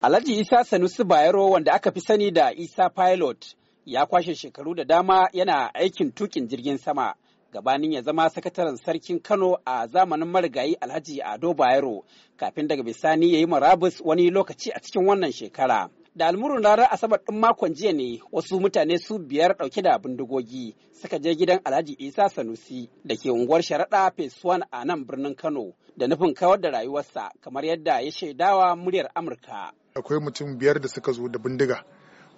Alhaji Isa Sanusi Bayero wanda aka fi sani da Isa Pilot ya kwashe shekaru da dama yana aikin tukin jirgin sama gabanin ya zama sakataren sarkin Kano a zamanin marigayi Alhaji Ado Bayero kafin daga bisani ya yi marabus wani lokaci a cikin wannan shekara. da almurun ranar asabar ɗin makon jiya ne wasu mutane su biyar ɗauke da bindigogi suka je gidan alhaji isa sanusi da ke unguwar sharaɗa fesuwan a nan birnin kano da nufin kawar da rayuwarsa kamar yadda ya shaidawa muryar amurka akwai mutum biyar da suka zo da bindiga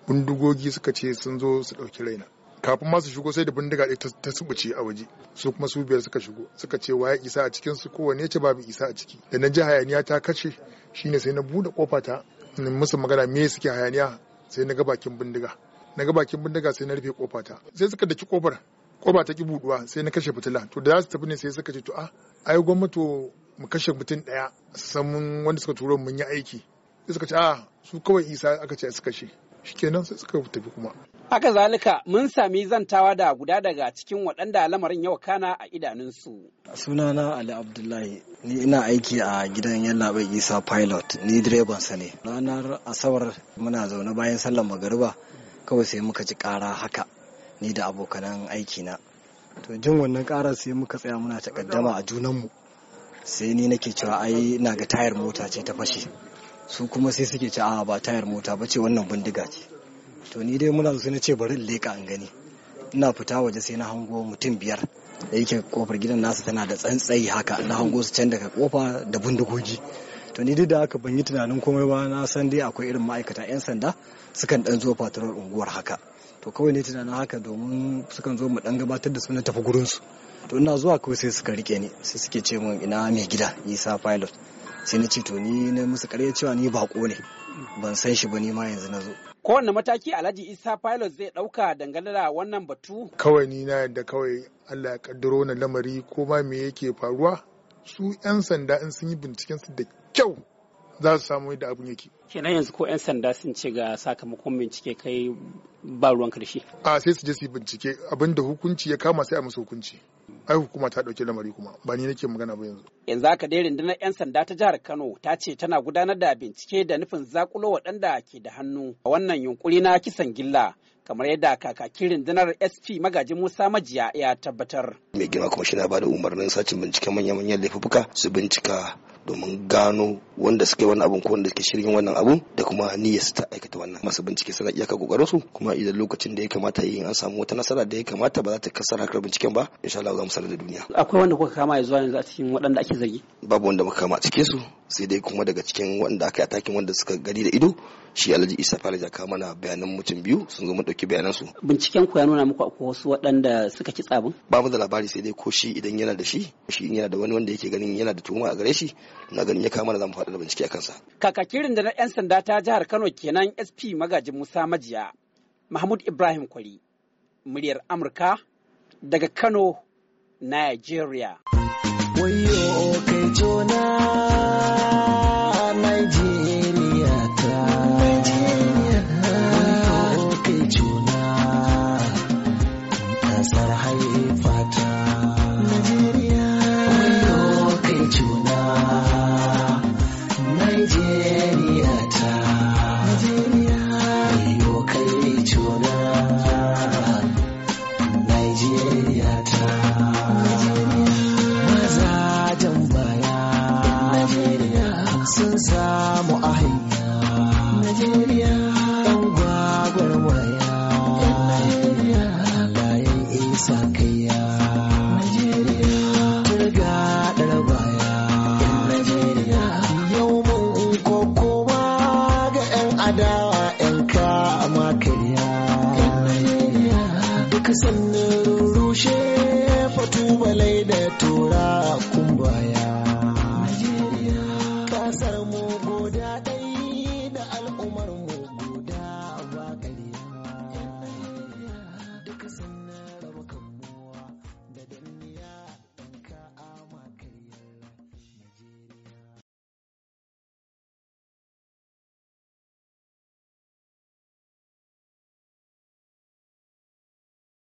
bindigogi suka ce sun zo su ɗauki raina kafin ma su shigo sai da bindiga ɗaya ta subuce a waje su kuma su biyar suka shigo suka ce waye isa a cikin su kowane ce babu isa a ciki da na ji hayaniya ta kace shine sai na buɗe kofa musu magana me suke hayaniya sai na ga bakin bindiga na ga bindiga sai na rufe ta. sai suka daki kofar kofa ta ki buduwa sai na kashe fitila to da za su tafi ne sai suka ce to a ah, ai gwamnati mu kashe mutum daya samun wanda suka turo mun yi aiki sai suka ce a ah, su kawai isa aka ce suka shi shikenan sai suka tafi kuma Haka zalika mun sami zantawa da guda daga cikin waɗanda lamarin yau kana a idanunsu. Sunana Ali Abdullahi, ni ina aiki a gidan bai Isa Pilot, ni direbansa ne. Ranar Asabar muna zaune bayan sallar magariba, kawai sai muka ji ƙara haka, ni da abokanan aikina. To jin wannan ƙara sai muka tsaya muna takaddama a junanmu. Sai ni nake cewa ai na ga tayar mota ce ta fashe. Su kuma sai suke cewa ba tayar mota ba ce wannan bindiga ce. to ni dai muna sai na ce bari in leka in gani ina fita waje sai na hango mutum biyar da yake kofar gidan nasa tana da tsantsayi haka na hango su can daga kofa da bindigogi to ni duk da haka ban yi tunanin komai ba na san dai akwai irin ma'aikata 'yan sanda sukan dan zo faturar unguwar haka to kawai ne tunanin haka domin sukan zo mu dan gabatar da su na tafi gurin su to ina zuwa kawai sai suka rike ni sai suke ce min ina mai gida isa pilot sai na ce to ni na musu karya cewa ni bako ne ban san shi ba ni ma yanzu na zo kowane mataki alhaji isa pilot zai ɗauka dangane da wannan batu kawai ni na yadda kawai allah ya kaddaro na lamari ko ma me yake faruwa su 'yan sanda in sun yi binciken su da kyau za su samu yadda abin yake kenan yanzu ko 'yan sanda sun ce ga sakamakon bincike kai ba ruwan karshe a sai su je su yi bincike abin da hukunci ya kama sai a musu hukunci ai hukuma ta dauki lamari kuma ba ni nake magana ba yanzu yanzu haka dai rundunar yan sanda ta jihar Kano ta ce tana gudanar da bincike da nufin zakulo waɗanda ke da hannu a wannan yunkuri na kisan gilla kamar yadda kakakin rundunar SP magajin Musa Majiya ya tabbatar mai girma kuma shi na da umarnin sacin binciken manya-manyan laifuka su bincika domin gano wanda suke wannan abun ko wanda suke shirin wannan abun da kuma niyyar su ta aikata wannan masu bincike suna iyaka kokarin su kuma idan lokacin da ya kamata yin an samu wata nasara da ya kamata ba za ta kasara ba insha Allah za mu kasar da duniya akwai wanda kuka kama ya zuwa yanzu a cikin waɗanda ake zargi babu wanda muka kama a su sai dai kuma daga cikin wanda aka yi atakin wanda suka gari da ido shi alhaji isa falaja ka mana bayanan mutum biyu sun zo mun ɗauki bayanan su binciken ku ya nuna muku akwai wasu waɗanda suka ci tsabin ba mu da labari sai dai ko shi idan yana da shi shi yana da wani wanda yake ganin yana da tuhuma a gare shi na ganin ya kama za zamu faɗa da bincike a kansa kakakirin da na 'yan sanda ta jihar kano kenan sp magajin musa majiya mahmud ibrahim kwari muryar amurka daga kano Nigeria. sun samu a hanya Najeriya ɗan gwagwarmaya Layan isa kaiya Najeriya turga ɗar baya Najeriya yau mun kokoma ga 'yan adawa 'yan kama karya Najeriya duka sannan rushe fatu balai da tura